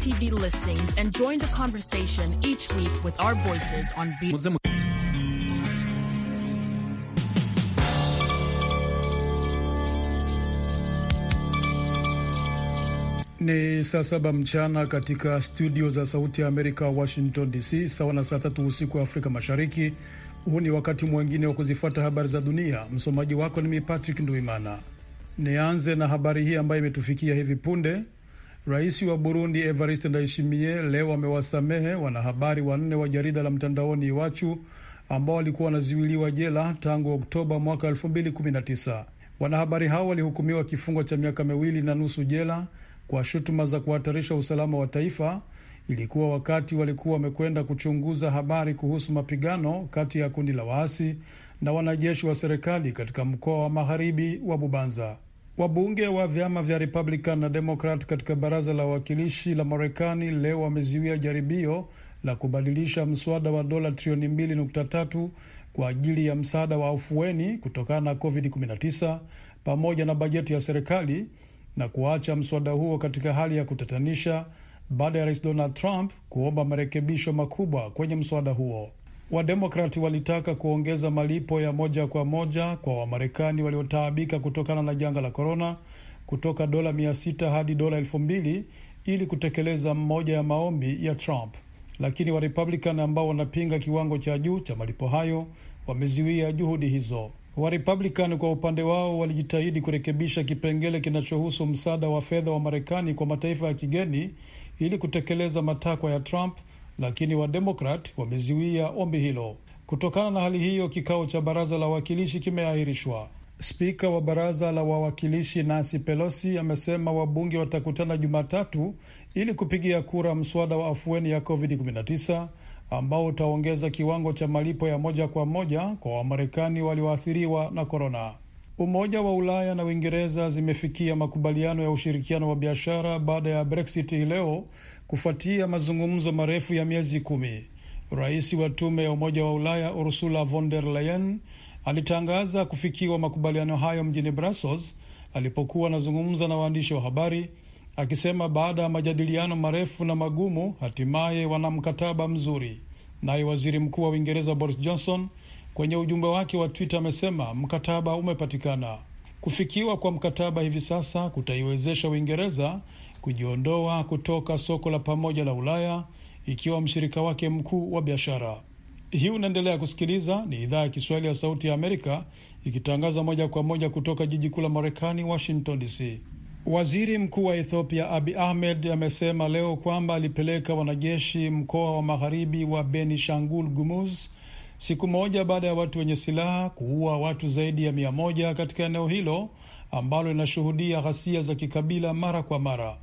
TV listings and join the conversation each week with our voices on V. Ni saa saba mchana katika studio za Sauti ya Amerika, Washington DC, sawa na saa tatu usiku wa Afrika Mashariki. Huu ni wakati mwingine wa kuzifuata habari za dunia. Msomaji wako ni mimi Patrick Nduimana. Nianze na habari hii ambayo imetufikia hivi punde. Rais wa Burundi Evariste Ndayishimiye leo amewasamehe wanahabari wanne wa jarida la mtandaoni Iwachu ambao walikuwa wanazuiliwa jela tangu Oktoba mwaka 2019. Wanahabari hao walihukumiwa kifungo cha miaka miwili na nusu jela kwa shutuma za kuhatarisha usalama wa taifa. Ilikuwa wakati walikuwa wamekwenda kuchunguza habari kuhusu mapigano kati ya kundi la waasi na wanajeshi wa serikali katika mkoa wa magharibi wa Bubanza. Wabunge wa vyama vya Republican na Democrat katika baraza la wawakilishi la Marekani leo wameziwia jaribio la kubadilisha mswada wa dola trilioni mbili nukta tatu kwa ajili ya msaada wa afueni kutokana na COVID-19 pamoja na bajeti ya serikali na kuacha mswada huo katika hali ya kutatanisha baada ya rais Donald Trump kuomba marekebisho makubwa kwenye mswada huo. Wademokrati walitaka kuongeza malipo ya moja kwa moja kwa Wamarekani waliotaabika kutokana na janga la korona kutoka dola mia sita hadi dola elfu mbili ili kutekeleza mmoja ya maombi ya Trump, lakini Warepublican ambao wanapinga kiwango cha juu cha malipo hayo wameziwia juhudi hizo. Warepublican kwa upande wao walijitahidi kurekebisha kipengele kinachohusu msaada wa fedha wa Marekani kwa mataifa ya kigeni ili kutekeleza matakwa ya Trump lakini Wademokrat wameziwia ombi hilo. Kutokana na hali hiyo, kikao cha baraza la wawakilishi kimeahirishwa. Spika wa baraza la wawakilishi Nancy Pelosi amesema wabunge watakutana Jumatatu ili kupigia kura mswada wa afueni ya COVID-19 ambao utaongeza kiwango cha malipo ya moja kwa moja kwa Wamarekani walioathiriwa na korona. Umoja wa Ulaya na Uingereza zimefikia makubaliano ya ushirikiano wa biashara baada ya Brexit hii leo kufuatia mazungumzo marefu ya miezi kumi. Rais wa tume ya Umoja wa Ulaya Ursula von der Leyen alitangaza kufikiwa makubaliano hayo mjini Brussels alipokuwa anazungumza na waandishi wa habari, akisema baada ya majadiliano marefu na magumu, hatimaye wana mkataba mzuri. Naye waziri mkuu wa Uingereza Boris Johnson kwenye ujumbe wake wa Twitter amesema mkataba umepatikana. Kufikiwa kwa mkataba hivi sasa kutaiwezesha Uingereza kujiondoa kutoka soko la pamoja la Ulaya ikiwa mshirika wake mkuu wa biashara. Hii unaendelea kusikiliza, ni idhaa ya Kiswahili ya Sauti ya Amerika ikitangaza moja kwa moja kutoka jiji kuu la Marekani, Washington DC. Waziri Mkuu wa Ethiopia Abi Ahmed amesema leo kwamba alipeleka wanajeshi mkoa wa magharibi wa beni shangul Gumuz siku moja baada ya watu wenye silaha kuua watu zaidi ya mia moja katika eneo hilo ambalo linashuhudia ghasia za kikabila mara kwa mara.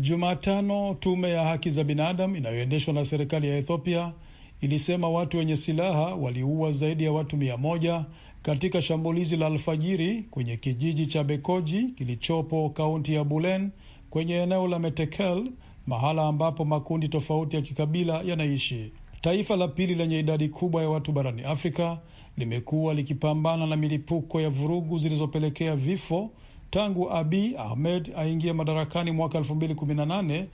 Jumatano tume ya haki za binadamu inayoendeshwa na serikali ya Ethiopia ilisema watu wenye silaha waliua zaidi ya watu mia moja katika shambulizi la alfajiri kwenye kijiji cha Bekoji kilichopo kaunti ya Bulen kwenye eneo la Metekel, mahala ambapo makundi tofauti ya kikabila yanaishi. Taifa la pili lenye idadi kubwa ya watu barani Afrika limekuwa likipambana na milipuko ya vurugu zilizopelekea vifo tangu abi Ahmed aingie madarakani mwaka 2018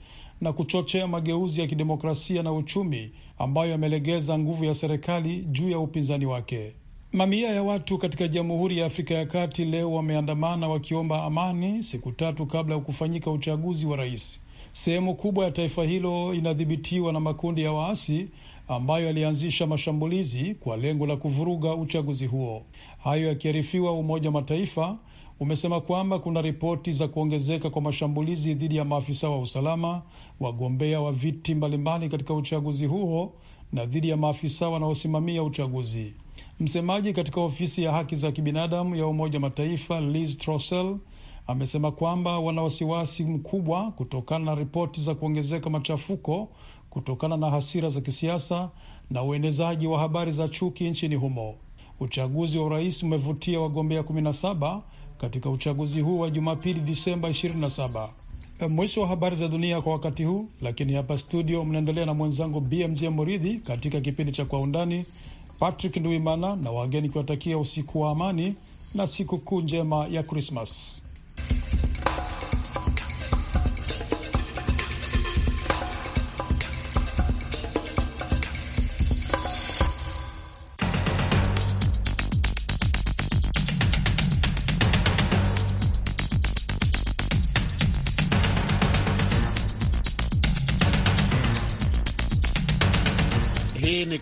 na kuchochea mageuzi ya kidemokrasia na uchumi ambayo yamelegeza nguvu ya serikali juu ya upinzani wake. Mamia ya watu katika Jamhuri ya Afrika ya Kati leo wameandamana wakiomba amani, siku tatu kabla ya kufanyika uchaguzi wa rais. Sehemu kubwa ya taifa hilo inadhibitiwa na makundi ya waasi ambayo yalianzisha mashambulizi kwa lengo la kuvuruga uchaguzi huo. Hayo yakiarifiwa, Umoja wa Mataifa umesema kwamba kuna ripoti za kuongezeka kwa mashambulizi dhidi ya maafisa wa usalama, wagombea wa viti mbalimbali katika uchaguzi huo na dhidi ya maafisa wanaosimamia uchaguzi. Msemaji katika ofisi ya haki za kibinadamu ya Umoja Mataifa Liz trossel amesema kwamba wana wasiwasi mkubwa kutokana na ripoti za kuongezeka machafuko kutokana na hasira za kisiasa na uenezaji wa habari za chuki nchini humo. Uchaguzi wa urais umevutia wagombea 17 katika uchaguzi huu wa Jumapili, Disemba 27. Eh, mwisho wa habari za dunia kwa wakati huu, lakini hapa studio mnaendelea na mwenzangu BMJ Moridhi katika kipindi cha Kwa Undani. Patrick Nduimana na wageni kiwatakia usiku wa amani na sikukuu njema ya Krismas.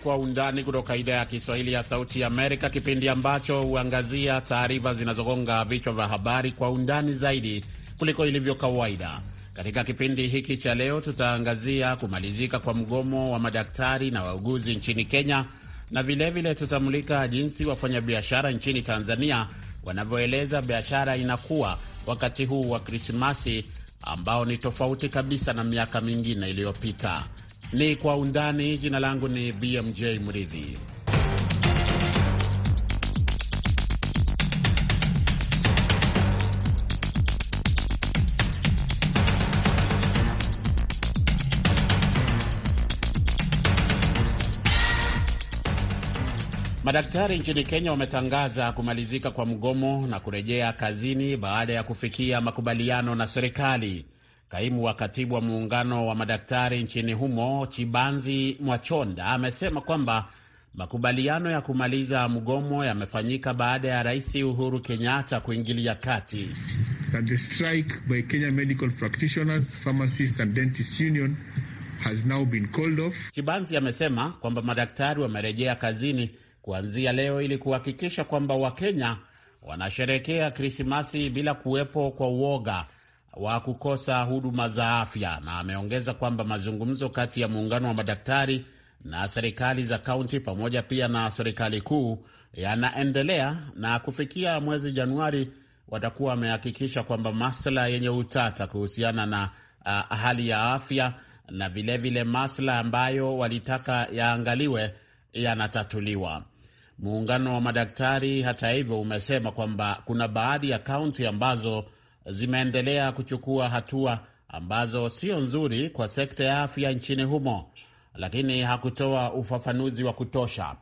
Kwa Undani kutoka idhaa ya Kiswahili ya Sauti ya Amerika, kipindi ambacho huangazia taarifa zinazogonga vichwa vya habari kwa undani zaidi kuliko ilivyo kawaida. Katika kipindi hiki cha leo, tutaangazia kumalizika kwa mgomo wa madaktari na wauguzi nchini Kenya, na vilevile tutamulika jinsi wafanyabiashara nchini Tanzania wanavyoeleza biashara inakuwa wakati huu wa Krismasi ambao ni tofauti kabisa na miaka mingine iliyopita ni Kwa Undani. Jina langu ni BMJ Mridhi. Madaktari nchini Kenya wametangaza kumalizika kwa mgomo na kurejea kazini baada ya kufikia makubaliano na serikali. Kaimu wa katibu wa muungano wa madaktari nchini humo Chibanzi Mwachonda amesema kwamba makubaliano ya kumaliza mgomo yamefanyika baada ya Rais Uhuru Kenyatta kuingilia kati. Chibanzi amesema kwamba madaktari wamerejea kazini kuanzia leo ili kuhakikisha kwamba Wakenya wanasherekea Krismasi bila kuwepo kwa uoga wa kukosa huduma za afya, na ameongeza kwamba mazungumzo kati ya muungano wa madaktari na serikali za kaunti pamoja pia na serikali kuu yanaendelea, na kufikia mwezi Januari watakuwa wamehakikisha kwamba masuala yenye utata kuhusiana na uh, hali ya afya na vilevile masuala ambayo walitaka yaangaliwe yanatatuliwa. Muungano wa madaktari hata hivyo, umesema kwamba kuna baadhi ya kaunti ambazo zimeendelea kuchukua hatua ambazo sio nzuri kwa sekta ya afya nchini humo, lakini hakutoa ufafanuzi wa kutosha.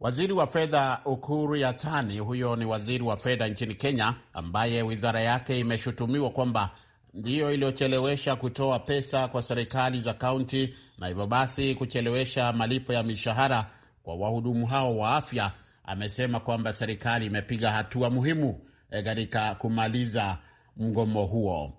Waziri wa fedha Ukuru Yatani, huyo ni waziri wa fedha nchini Kenya, ambaye wizara yake imeshutumiwa kwamba ndiyo iliyochelewesha kutoa pesa kwa serikali za kaunti na hivyo basi kuchelewesha malipo ya mishahara kwa wahudumu hao wa afya, amesema kwamba serikali imepiga hatua muhimu eh, katika kumaliza mgomo huo.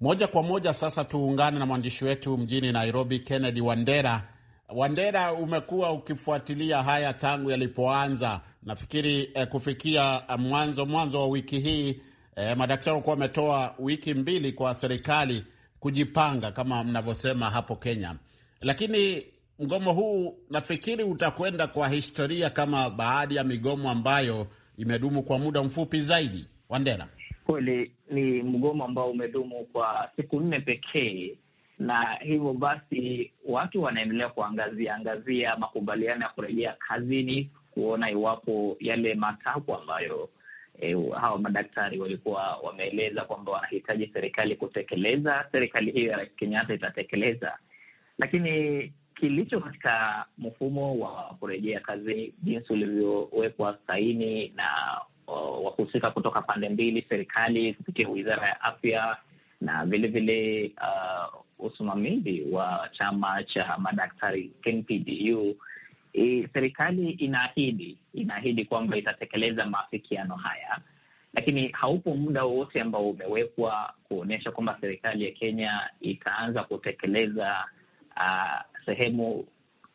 Moja kwa moja sasa tuungane na mwandishi wetu mjini Nairobi, Kennedy Wandera. Wandera, umekuwa ukifuatilia haya tangu yalipoanza. Nafikiri eh, kufikia eh, mwanzo mwanzo wa wiki hii eh, madaktari walikuwa wametoa wiki mbili kwa serikali kujipanga kama mnavyosema hapo Kenya, lakini mgomo huu nafikiri utakwenda kwa historia kama baadhi ya migomo ambayo imedumu kwa muda mfupi zaidi. Wandera kweli ni mgomo ambao umedumu kwa siku nne pekee, na hivyo basi watu wanaendelea kuangazia angazia makubaliano ya kurejea kazini, kuona iwapo yale matakwa ambayo E, hawa madaktari walikuwa wameeleza kwamba wanahitaji serikali kutekeleza, serikali hiyo ya Kenyatta itatekeleza, lakini kilicho katika mfumo wa kurejea kazini jinsi ulivyowekwa saini na Uh, wahusika kutoka pande mbili, serikali kupitia wizara ya afya na vilevile uh, usimamizi wa chama cha madaktari KMPDU. E, serikali inaahidi inaahidi kwamba itatekeleza maafikiano haya, lakini haupo muda wowote ambao umewekwa kuonyesha kwamba serikali ya Kenya itaanza kutekeleza uh, sehemu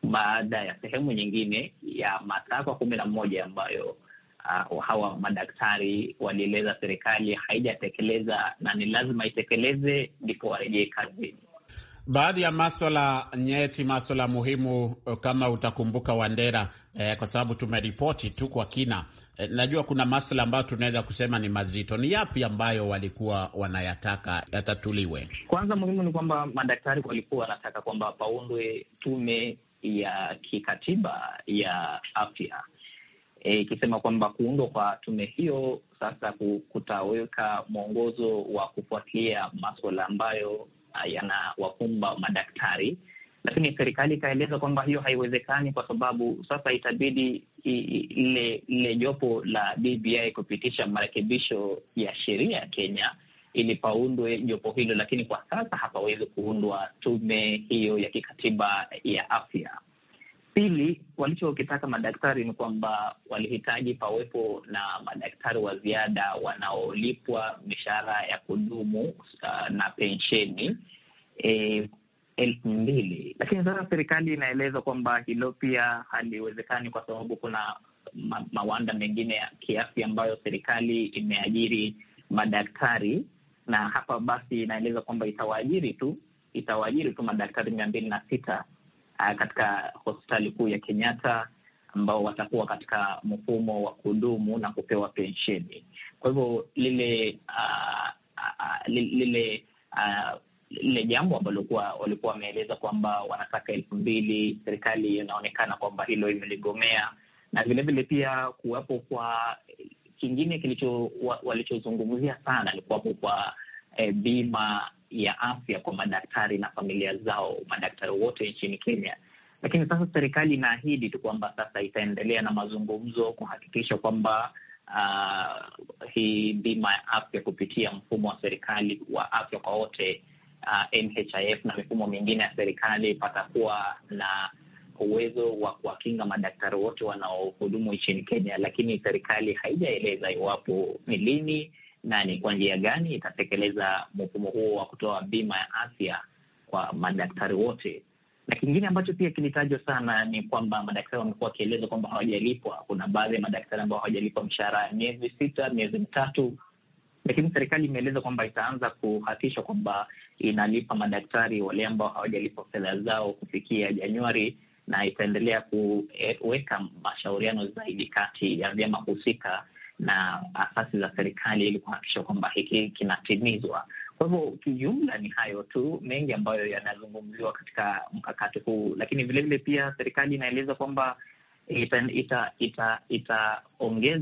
baada ya sehemu nyingine ya matakwa kumi na moja ambayo uh, hawa madaktari walieleza serikali haijatekeleza na ni lazima itekeleze ndipo warejee kazini. Baadhi ya maswala nyeti, maswala muhimu eh, kama utakumbuka Wandera, eh, kwa sababu tumeripoti tu kwa kina eh, najua kuna maswala ambayo tunaweza kusema ni mazito. Ni yapi ambayo walikuwa wanayataka yatatuliwe? Kwanza muhimu ni kwamba madaktari walikuwa wanataka kwamba paundwe tume ya kikatiba ya afya E, ikisema e, kwamba kuundwa kwa tume hiyo sasa kutaweka mwongozo wa kufuatilia maswala ambayo yanawakumba madaktari, lakini serikali ikaeleza kwamba hiyo haiwezekani kwa sababu sasa itabidi lile jopo la BBI kupitisha marekebisho ya sheria ya Kenya ili paundwe jopo hilo, lakini kwa sasa hapawezi kuundwa tume hiyo ya kikatiba ya afya. Pili, walichokitaka madaktari ni kwamba walihitaji pawepo na madaktari wa ziada wanaolipwa mishahara ya kudumu uh, na pensheni e, elfu mbili. Lakini sasa serikali inaeleza kwamba hilo pia haliwezekani kwa sababu kuna ma mawanda mengine ya kiafya ambayo serikali imeajiri madaktari, na hapa basi inaeleza kwamba itawaajiri tu itawaajiri tu madaktari mia mbili na sita uh, katika hospitali kuu ya Kenyatta ambao watakuwa katika mfumo wa kudumu na kupewa pensheni. Kwa hivyo lile uh, uh, lile uh, lile jambo ambalo kuwa walikuwa wameeleza kwamba wanataka elfu mbili, serikali inaonekana kwamba hilo imeligomea, na vilevile pia kuwepo kwa kingine kilicho walichozungumzia sana ni kuwepo kwa e, bima ya afya kwa madaktari na familia zao, madaktari wote nchini Kenya. Lakini sasa serikali inaahidi tu kwamba sasa itaendelea na mazungumzo kuhakikisha kwamba uh, hii bima ya afya kupitia mfumo wa serikali wa afya kwa wote uh, ah, NHIF na mifumo mingine ya serikali patakuwa na uwezo wa kuwakinga madaktari wote wanaohudumu nchini Kenya, lakini serikali haijaeleza iwapo ni lini na ni kwa njia gani itatekeleza mfumo huo wa kutoa bima ya afya kwa madaktari wote. Na kingine ambacho pia kilitajwa sana ni kwamba madaktari wamekuwa wakieleza kwamba hawajalipwa. Kuna baadhi ya madaktari ambao hawajalipwa mshahara ya miezi sita, miezi mitatu, lakini serikali imeeleza kwamba itaanza kuhakikisha kwamba inalipa madaktari wale ambao hawajalipwa fedha zao kufikia Januari, na itaendelea kuweka mashauriano zaidi kati ya vyama husika na asasi za serikali ili kuhakikisha kwamba hiki kinatimizwa. Kwa hivyo kijumla ni hayo tu mengi ambayo yanazungumziwa katika mkakati huu, lakini vilevile vile pia serikali inaeleza kwamba itaongeza ita, ita,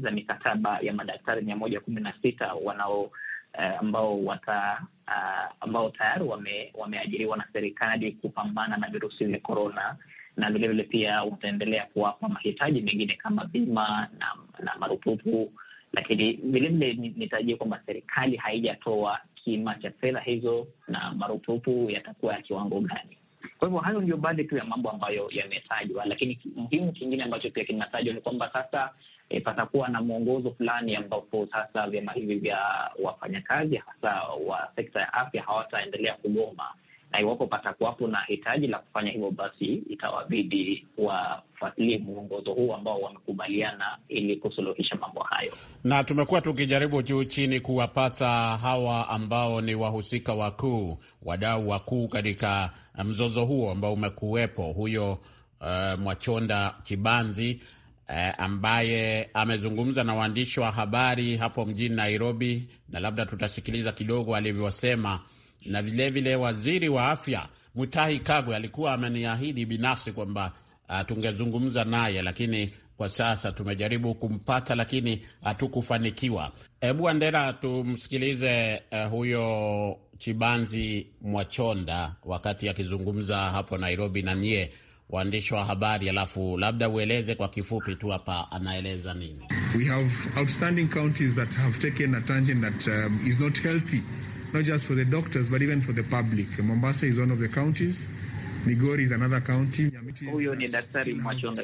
ita mikataba ya madaktari mia moja kumi na sita wanao Uh, ambao wata uh, ambao tayari wame, wameajiriwa na serikali kupambana na virusi vya korona na vilevile pia utaendelea kuwapa mahitaji mengine kama bima na, na marupurupu. Lakini vilevile nitarajia kwamba serikali haijatoa kima cha fedha hizo na marupupu yatakuwa ya kiwango gani. Kwa hivyo hayo ndio baadhi tu ya mambo ambayo yametajwa, lakini muhimu kingine ambacho pia kinatajwa ni kwamba sasa e, patakuwa na mwongozo fulani ambapo sasa vyama hivi vya wafanyakazi hasa wa sekta ya afya hawataendelea kugoma na iwapo patakuwapo na hitaji la kufanya hivyo, basi itawabidi wafuatilie mwongozo huu ambao wamekubaliana ili kusuluhisha mambo hayo. Na tumekuwa tukijaribu juu chini kuwapata hawa ambao ni wahusika wakuu, wadau wakuu katika eh, mzozo huo ambao umekuwepo, huyo uh, Mwachonda Chibanzi Uh, ambaye amezungumza na waandishi wa habari hapo mjini Nairobi, na labda tutasikiliza kidogo alivyosema na vilevile vile waziri wa afya Mutahi Kagwe alikuwa ameniahidi binafsi kwamba uh, tungezungumza naye, lakini kwa sasa tumejaribu kumpata, lakini hatukufanikiwa. Hebu Andera, tumsikilize uh, huyo Chibanzi Mwachonda wakati akizungumza hapo Nairobi na nyie waandishi wa habari, alafu labda ueleze kwa kifupi tu hapa anaeleza nini. We have outstanding counties that have taken a tangent that um, is not healthy not just for the doctors, but even for the public. Mombasa is one of the counties Migori is another county. Huyo ni Daktari Mwachonga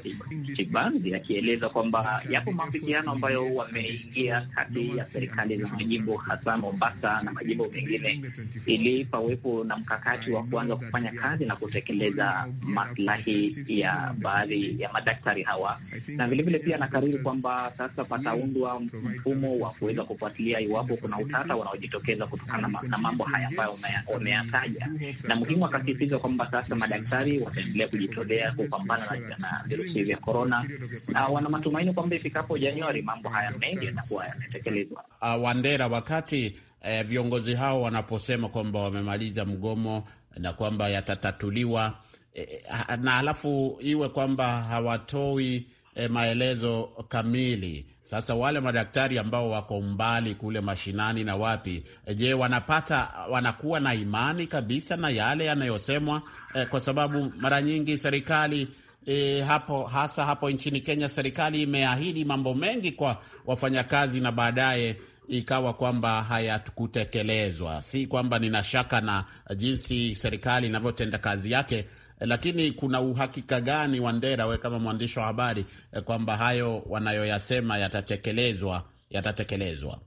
Kibanzi akieleza kwamba yapo mafikiano ambayo wameingia kati ya serikali za majimbo hasa Mombasa na majimbo mengine, ili pawepo na mkakati wa kuanza kufanya kazi na kutekeleza maslahi ya baadhi ya madaktari hawa, na vilevile pia anakariri kwamba sasa pataundwa mfumo wa kuweza kufuatilia iwapo kuna utata wanaojitokeza kutokana na mambo haya ambayo wameyataja, na muhimu akasisitiza kwamba sasa madaktari wataendelea kujitolea kupambana na virusi vya korona, na wana matumaini kwamba ifikapo Januari mambo haya mengi yatakuwa yametekelezwa. Uh, Wandera, wakati eh, viongozi hao wanaposema kwamba wamemaliza mgomo na kwamba yatatatuliwa eh, eh na halafu iwe kwamba hawatoi e, maelezo kamili. Sasa wale madaktari ambao wako mbali kule mashinani na wapi, e, je, wanapata wanakuwa na imani kabisa na yale yanayosemwa? E, kwa sababu mara nyingi serikali E, hapo hasa hapo nchini Kenya serikali imeahidi mambo mengi kwa wafanyakazi na baadaye ikawa kwamba hayakutekelezwa. Si kwamba nina shaka na jinsi serikali inavyotenda kazi yake, Eh, lakini kuna uhakika gani, Wandera, we kama mwandishi wa habari, eh, kwamba hayo wanayoyasema yatatekelezwa yatatekelezwa?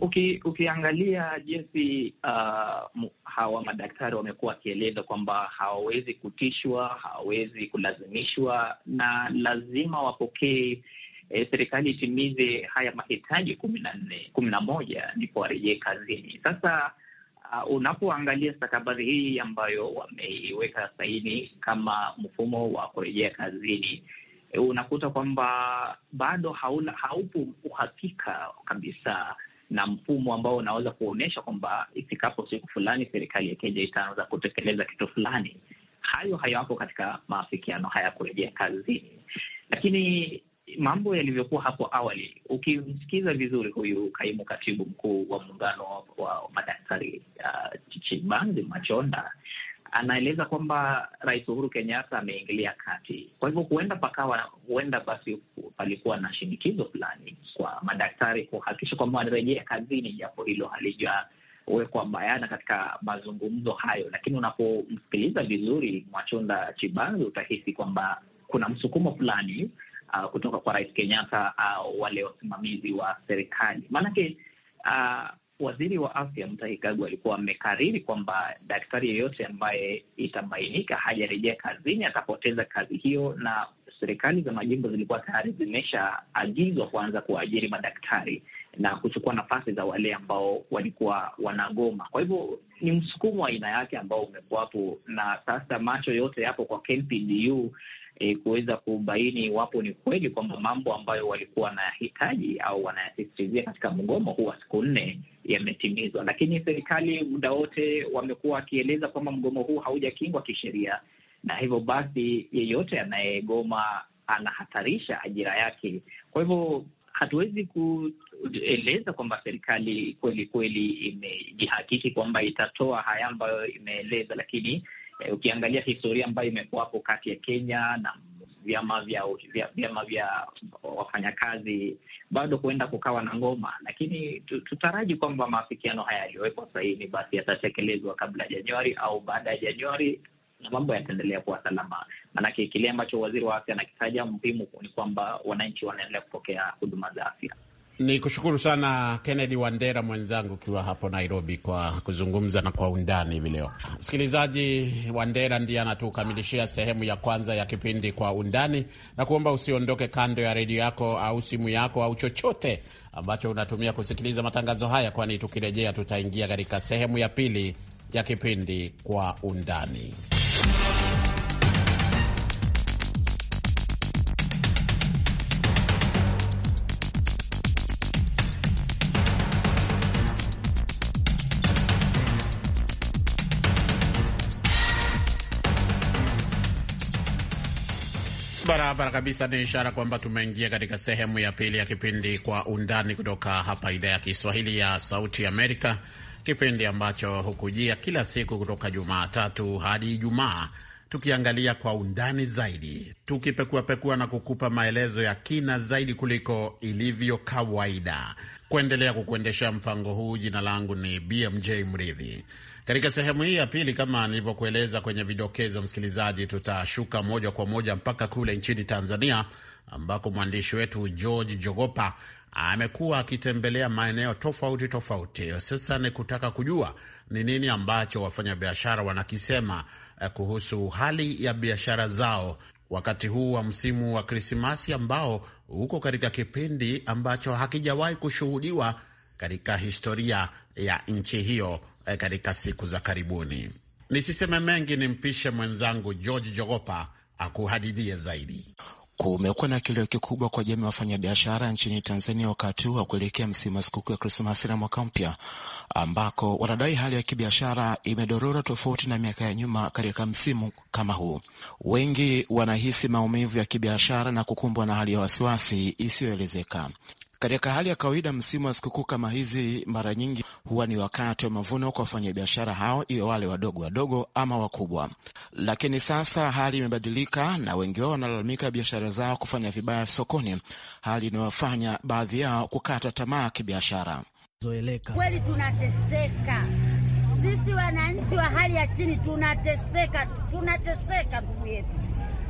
Uki, ukiangalia jinsi uh, hawa madaktari wamekuwa wakieleza kwamba hawawezi kutishwa, hawawezi kulazimishwa na lazima wapokee E, serikali itimize haya mahitaji kumi na nne kumi na moja ndipo warejee kazini. Sasa uh, unapoangalia stakabadhi hii ambayo wameiweka saini kama mfumo wa kurejea kazini, eh, unakuta kwamba bado hauna, haupo uhakika kabisa na mfumo ambao unaweza kuonyesha kwamba ifikapo siku fulani serikali ya Kenya itaanza kutekeleza kitu fulani. Hayo hayapo katika maafikiano haya kurejea kazini, lakini mambo yalivyokuwa hapo awali. Ukimsikiza vizuri huyu kaimu katibu mkuu wa muungano wa madaktari uh, Chibanzi Machonda anaeleza kwamba Rais Uhuru Kenyatta ameingilia kati. Kwa hivyo huenda pakawa, huenda basi palikuwa na shinikizo fulani kwa madaktari kuhakikisha kwamba wanarejea kazini, japo hilo halijawekwa bayana katika mazungumzo hayo. Lakini unapomsikiliza vizuri machonda Chibanzi utahisi kwamba kuna msukumo fulani uh, kutoka kwa Rais Kenyatta uh, wale wasimamizi wa serikali maanake uh, waziri wa afya Mutahi Kagwe alikuwa amekariri kwamba daktari yeyote ambaye itabainika hajarejea kazini atapoteza kazi hiyo, na serikali za majimbo zilikuwa tayari zimeshaagizwa kuanza kuwaajiri madaktari na kuchukua nafasi za wale ambao walikuwa wanagoma. Kwa hivyo ni msukumo wa aina yake ambao umekuwapo, na sasa macho yote yapo kwa KMPDU e, kuweza kubaini iwapo ni kweli kwamba mambo ambayo walikuwa wanayahitaji au wanayasisitizia katika mgomo huu wa siku nne yametimizwa. Lakini serikali muda wote wamekuwa wakieleza kwamba mgomo huu haujakingwa kisheria, na hivyo basi yeyote anayegoma anahatarisha ajira yake. Kwa hivyo hatuwezi kueleza kwamba serikali kweli kweli imejihakiki kwamba itatoa haya ambayo imeeleza, lakini E, ukiangalia historia ambayo imekuwapo kati ya Kenya na vyama vya vyama vya wafanyakazi bado huenda kukawa na ngoma, lakini tutaraji kwamba maafikiano haya yaliyowekwa saini basi yatatekelezwa kabla ya Januari au baada ya Januari, na mambo yataendelea kuwa salama. Maanake kile ambacho waziri wa afya anakitaja muhimu ni kwamba wananchi wanaendelea kupokea huduma za afya. Ni kushukuru sana Kennedy Wandera mwenzangu, ukiwa hapo Nairobi, kwa kuzungumza na kwa undani hivi leo. Msikilizaji, Wandera ndiye anatukamilishia sehemu ya kwanza ya kipindi Kwa Undani, na kuomba usiondoke kando ya redio yako au simu yako au chochote ambacho unatumia kusikiliza matangazo haya, kwani tukirejea tutaingia katika sehemu ya pili ya kipindi Kwa Undani. barabara kabisa, ni ishara kwamba tumeingia katika sehemu ya pili ya kipindi Kwa Undani kutoka hapa idhaa ya Kiswahili ya Sauti Amerika, kipindi ambacho hukujia kila siku kutoka Jumatatu hadi Ijumaa, tukiangalia kwa undani zaidi, tukipekuapekua na kukupa maelezo ya kina zaidi kuliko ilivyo kawaida. Kuendelea kukuendeshea mpango huu, jina langu ni BMJ Mridhi. Katika sehemu hii ya pili, kama nilivyokueleza kwenye vidokezo, msikilizaji, tutashuka moja kwa moja mpaka kule nchini Tanzania ambako mwandishi wetu George Jogopa amekuwa akitembelea maeneo tofauti tofauti, ni kutaka kujua ni nini ambacho wafanyabiashara wanakisema eh, kuhusu hali ya biashara zao wakati huu wa msimu wa Krismasi ambao uko katika kipindi ambacho hakijawahi kushuhudiwa katika historia ya nchi hiyo Eh, katika siku za karibuni. Nisiseme mengi, nimpishe mwenzangu George Jogopa akuhadidie zaidi. Kumekuwa na kilio kikubwa kwa jamii ya wafanyabiashara nchini Tanzania wakati huu wa kuelekea msimu wa sikukuu ya Krismasi na mwaka mpya, ambako wanadai hali ya kibiashara imedorora tofauti na miaka ya nyuma katika msimu kama huu. Wengi wanahisi maumivu ya kibiashara na kukumbwa na hali ya wasiwasi isiyoelezeka. Katika hali ya kawaida, msimu wa sikukuu kama hizi mara nyingi huwa ni wakati wa mavuno kwa wafanyabiashara hao, iwe wale wadogo wadogo ama wakubwa. Lakini sasa hali imebadilika, na wengi wao wanalalamika biashara zao kufanya vibaya sokoni, hali inayofanya baadhi yao kukata tamaa kibiashara. Kweli tunateseka sisi wananchi wa hali ya chini, tunateseka tunateseka, ndugu yetu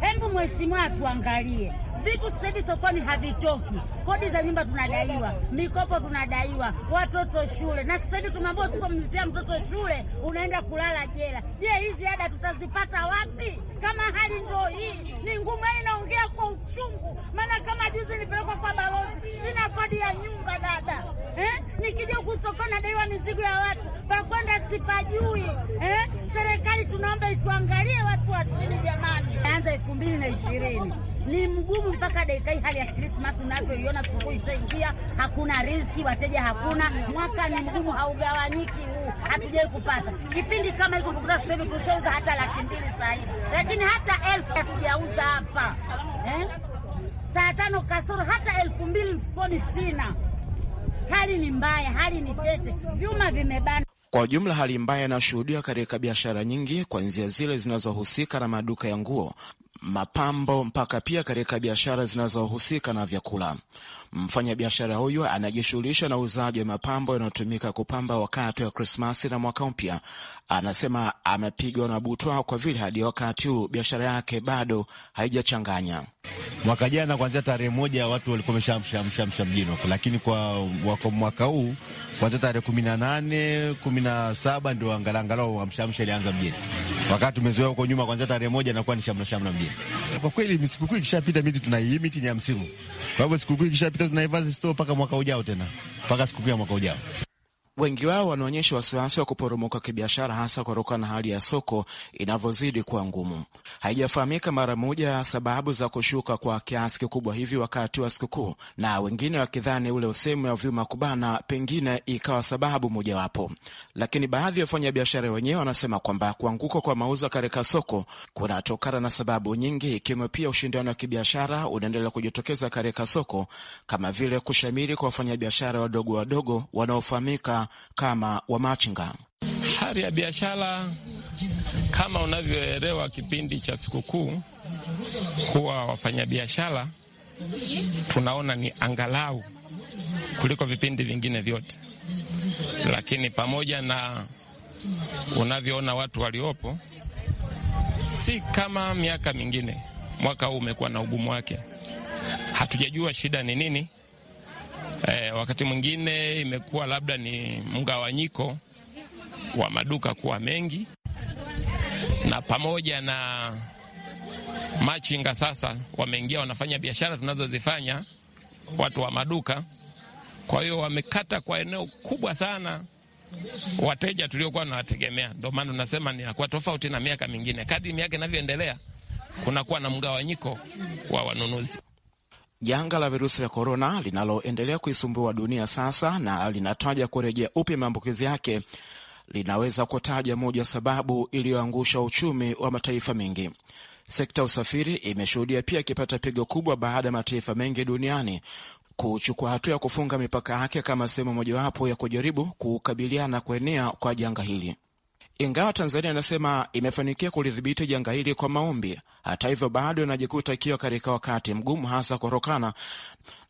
Hebu mheshimiwa atuangalie vitu sasa hivi sokoni havitoki, kodi za nyumba tunadaiwa, mikopo tunadaiwa, watoto shule, na sasa hivi tumeambiwa usipomlipia mtoto shule unaenda kulala jela. Je, hizi ada tutazipata wapi kama hali ndio hii? Ni ngumu, inaongea yaani kwa uchungu, maana kama juzi nipelekwa kwa balozi, sina kodi ya nyumba dada eh? Nikija huku sokoni nadaiwa mizigo ya watu, pakwenda sipajui eh? Serikali tunaomba ituangalie watu wa chini jamani, anza elfu mbili na ishirini ni mgumu mpaka dakika hii. Hali ya Christmas unavyoiona, siku ishaingia, hakuna riziki, wateja hakuna, mwaka ni mgumu, haugawanyiki huu, hatujai kupata kipindi kama hiko. Kukuta sasa hivi tushauza hata laki mbili saa hizi, lakini hata elfu asijauza hapa eh? saa tano kasoro, hata elfu mbili mfukoni sina. Hali ni mbaya, hali ni tete, vyuma vimebana. Kwa ujumla hali mbaya inashuhudiwa katika biashara nyingi, kuanzia zile zinazohusika na maduka ya nguo, mapambo, mpaka pia katika biashara zinazohusika na vyakula. Mfanyabiashara huyu anajishughulisha na uuzaji wa mapambo yanayotumika kupamba wakati wa Krismasi na mwaka mpya. Anasema amepigwa na butwa kwa vile hadi wakati huu biashara yake bado haijachanganya. Mwaka jana kuanzia tarehe moja watu walikuwa wameshamshamsha mjino, lakini kwa wako mwaka huu kuanzia tarehe kumi na nane kumi na saba ndio angalangalau amshamsha ilianza mjini, wakati tumezoea huko nyuma kuanzia tarehe moja nakuwa ni shamla mjini. Kwa kweli sikukuu ikishapita miti tunai, miti ni ya msimu, kwa hivyo sikukuu ikishapita Naivas isitoe mpaka mwaka ujao tena, mpaka sikukuu ya mwaka ujao. Wengi wao wanaonyesha wasiwasi wa kuporomoka kibiashara, hasa kutokana na hali ya soko inavyozidi kuwa ngumu. Haijafahamika mara moja sababu za kushuka kwa kiasi kikubwa hivi wakati wa sikukuu, na wengine wakidhani ule usemi wa vyuma kubana pengine ikawa sababu mojawapo. Lakini baadhi ya wafanyabiashara wenyewe wanasema kwamba kuanguka kwa mauzo katika soko kunatokana na sababu nyingi, ikiwemo pia ushindani wa kibiashara unaendelea kujitokeza katika soko, kama vile kushamiri kwa wafanyabiashara wadogo wadogo wanaofahamika kama wamachinga. Hali ya biashara kama unavyoelewa, kipindi cha sikukuu huwa wafanyabiashara tunaona ni angalau kuliko vipindi vingine vyote, lakini pamoja na unavyoona watu waliopo, si kama miaka mingine. Mwaka huu umekuwa na ugumu wake, hatujajua shida ni nini, eh, wakati mwingine imekuwa labda ni mgawanyiko wa maduka kuwa mengi na pamoja na machinga sasa wameingia, wanafanya biashara tunazozifanya watu wa maduka. Kwa hiyo wamekata kwa eneo kubwa sana wateja tuliokuwa nawategemea. Ndio maana tunasema ninakuwa tofauti na miaka mingine, kadri miaka inavyoendelea kunakuwa na mgawanyiko wa wanunuzi. Janga la virusi vya korona linaloendelea kuisumbua dunia sasa na linataja kurejea upya maambukizi yake linaweza kutaja moja sababu iliyoangusha uchumi wa mataifa mengi. Sekta ya usafiri imeshuhudia pia ikipata pigo kubwa baada ya mataifa mengi duniani kuchukua hatua ya kufunga mipaka yake kama sehemu mojawapo ya kujaribu kukabiliana kuenea kwa janga hili. Ingawa Tanzania inasema imefanikiwa kulidhibiti janga hili kwa maombi, hata hivyo bado inajikuta ikiwa katika wakati mgumu, hasa kutokana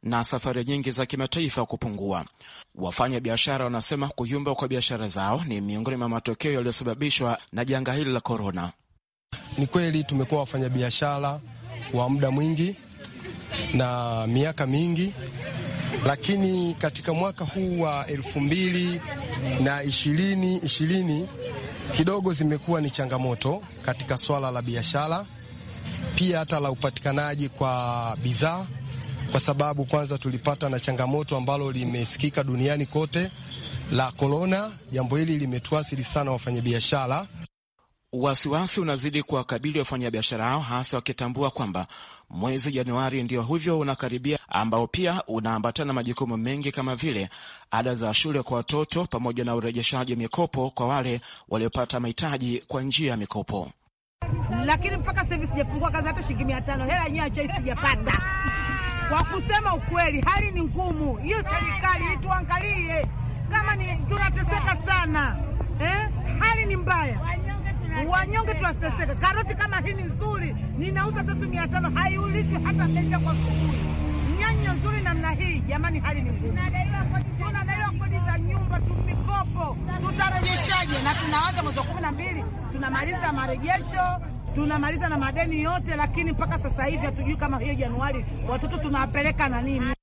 na safari nyingi za kimataifa kupungua. Wafanya biashara wanasema kuyumba kwa biashara zao ni miongoni mwa matokeo yaliyosababishwa na janga hili la korona. Ni kweli tumekuwa wafanyabiashara wa muda mwingi na miaka mingi, lakini katika mwaka huu wa elfu mbili na ishirini ishirini kidogo zimekuwa ni changamoto katika swala la biashara, pia hata la upatikanaji kwa bidhaa, kwa sababu kwanza tulipata na changamoto ambalo limesikika duniani kote la korona. Jambo hili limetuathiri sana wafanyabiashara. Wasiwasi unazidi kuwakabili wafanyabiashara hao, hasa wakitambua kwamba mwezi Januari ndio hivyo unakaribia, ambao pia unaambatana na majukumu mengi kama vile ada za shule kwa watoto pamoja na urejeshaji mikopo kwa wale waliopata mahitaji kwa njia ya mikopo. Lakini mpaka sasa hivi sijafungua kazi hata shilingi mia tano, hela yenyewe achai sijapata. Kwa kusema ukweli, hali ni ngumu. Hiyo serikali ituangalie, kama ni tunateseka sana eh? hali ni mbaya Wanyonge tunateseka. Karoti kama hii ni nzuri, ninauza tatu mia tano, haiulizi hata meja kwa sukuli. Nyanya nzuri namna hii, jamani, hali ni ngumu. Tunadaiwa kodi za nyumba tu, mikopo, tutarejeshaje? Na tunaanza mwezi wa kumi na mbili, tunamaliza marejesho tunamaliza na madeni yote, lakini mpaka sasa hivi hatujui kama hiyo Januari watoto tunawapeleka na nini.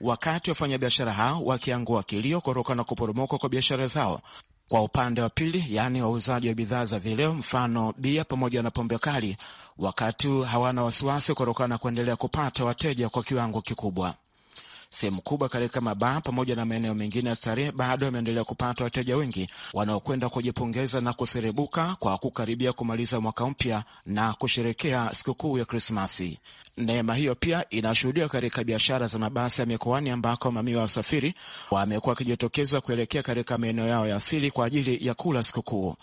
Wakati wafanyabiashara hao wakiangua kilio kutokana na kuporomoka kwa biashara zao, kwa upande wa pili, yaani wauzaji wa bidhaa za vileo, mfano bia pamoja na pombe kali, wakati hawana wasiwasi kutokana na kuendelea kupata wateja kwa kiwango kikubwa. Sehemu kubwa katika mabaa pamoja na maeneo mengine ya starehe bado yameendelea kupata wateja wengi wanaokwenda kujipongeza na kuserebuka kwa kukaribia kumaliza mwaka mpya na kusherekea sikukuu ya Krismasi. Neema hiyo pia inashuhudiwa katika biashara za mabasi ya mikoani ambako mamia wa wasafiri wamekuwa wakijitokeza kuelekea katika maeneo yao ya asili kwa ajili ya kula sikukuu.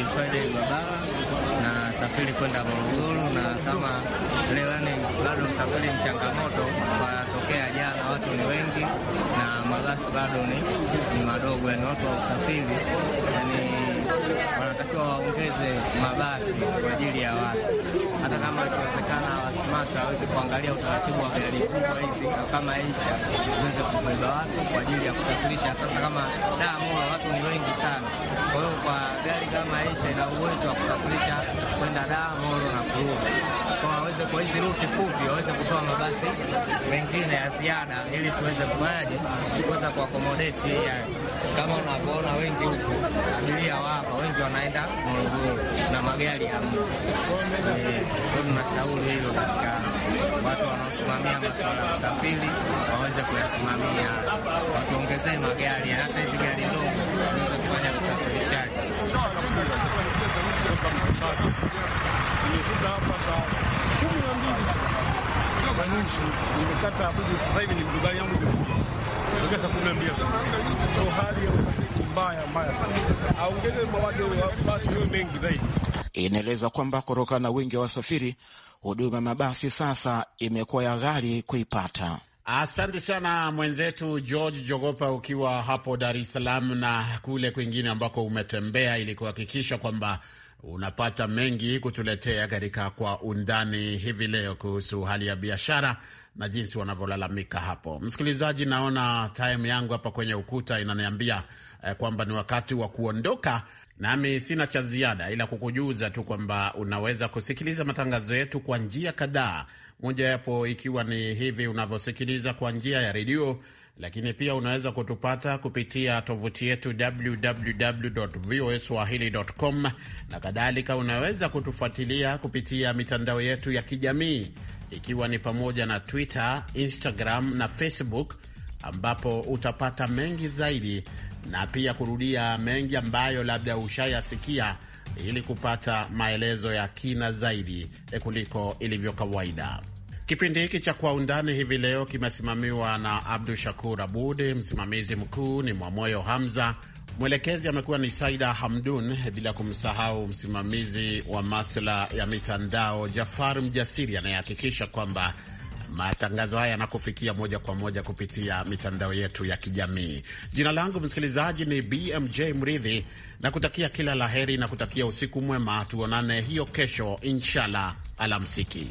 ni Friday Mbabala na safiri kwenda Morogoro, na kama leo yani bado safiri ni changamoto, wanatokea jana watu ni wengi na mabasi bado ni, ni madogo, yani watu wa usafiri yani wanatakiwa waongeze mabasi kwa ajili ya watu, hata kama ikiwezekana wasimata waweze kuangalia utaratibu wa gari kubwa hizi kama hicha ziweze kubeba watu kwa ajili ya kusafirisha. Sasa kama damu watu ni wengi sana kwa hiyo kwa gari kama hicho ina uwezo wa kusafirisha kwenda Dar, Moro na kurudi, kwa waweze kwa hizi ruti fupi waweze kutoa mabasi mengine ya ziada, ili tuweze kuaje kuweza kuakomodeti yeah. Kama unavyoona wengi huku abiria wapa wengi wanaenda Morogoro na magari ya mtu yeah. Kwa tunashauri hilo katika watu wanaosimamia masuala ya usafiri waweze kuyasimamia, watuongezee magari hata nimekata sasa hivi ni mdugari yangu saa kumi na mbili hali ya mbaya mbaya sana, aongeze mawazo basi mengi zaidi. Inaeleza kwamba kutokana na wingi wa wasafiri, huduma ya mabasi sasa imekuwa ya ghali kuipata. Asante sana mwenzetu George Jogopa, ukiwa hapo Dar es Salaam na kule kwingine ambako umetembea ili kuhakikisha kwamba unapata mengi kutuletea katika Kwa Undani hivi leo kuhusu hali ya biashara na jinsi wanavyolalamika hapo. Msikilizaji, naona time yangu hapa kwenye ukuta inaniambia eh, kwamba ni wakati wa kuondoka, nami sina cha ziada ila kukujuza tu kwamba unaweza kusikiliza matangazo yetu kwa njia kadhaa mojawapo ikiwa ni hivi unavyosikiliza kwa njia ya redio, lakini pia unaweza kutupata kupitia tovuti yetu www.voaswahili.com na kadhalika. Unaweza kutufuatilia kupitia mitandao yetu ya kijamii ikiwa ni pamoja na Twitter, Instagram na Facebook ambapo utapata mengi zaidi na pia kurudia mengi ambayo labda ushayasikia ili kupata maelezo ya kina zaidi eh, kuliko ilivyo kawaida. Kipindi hiki cha Kwa Undani hivi leo kimesimamiwa na Abdu Shakur Abud, msimamizi mkuu ni Mwamoyo Hamza, mwelekezi amekuwa ni Saida Hamdun, bila kumsahau msimamizi wa masuala ya mitandao Jafar Mjasiri anayehakikisha kwamba Matangazo haya yanakufikia moja kwa moja kupitia mitandao yetu ya kijamii. Jina langu msikilizaji ni BMJ Mridhi, na kutakia kila la heri na kutakia usiku mwema. Tuonane hiyo kesho inshallah. Alamsiki.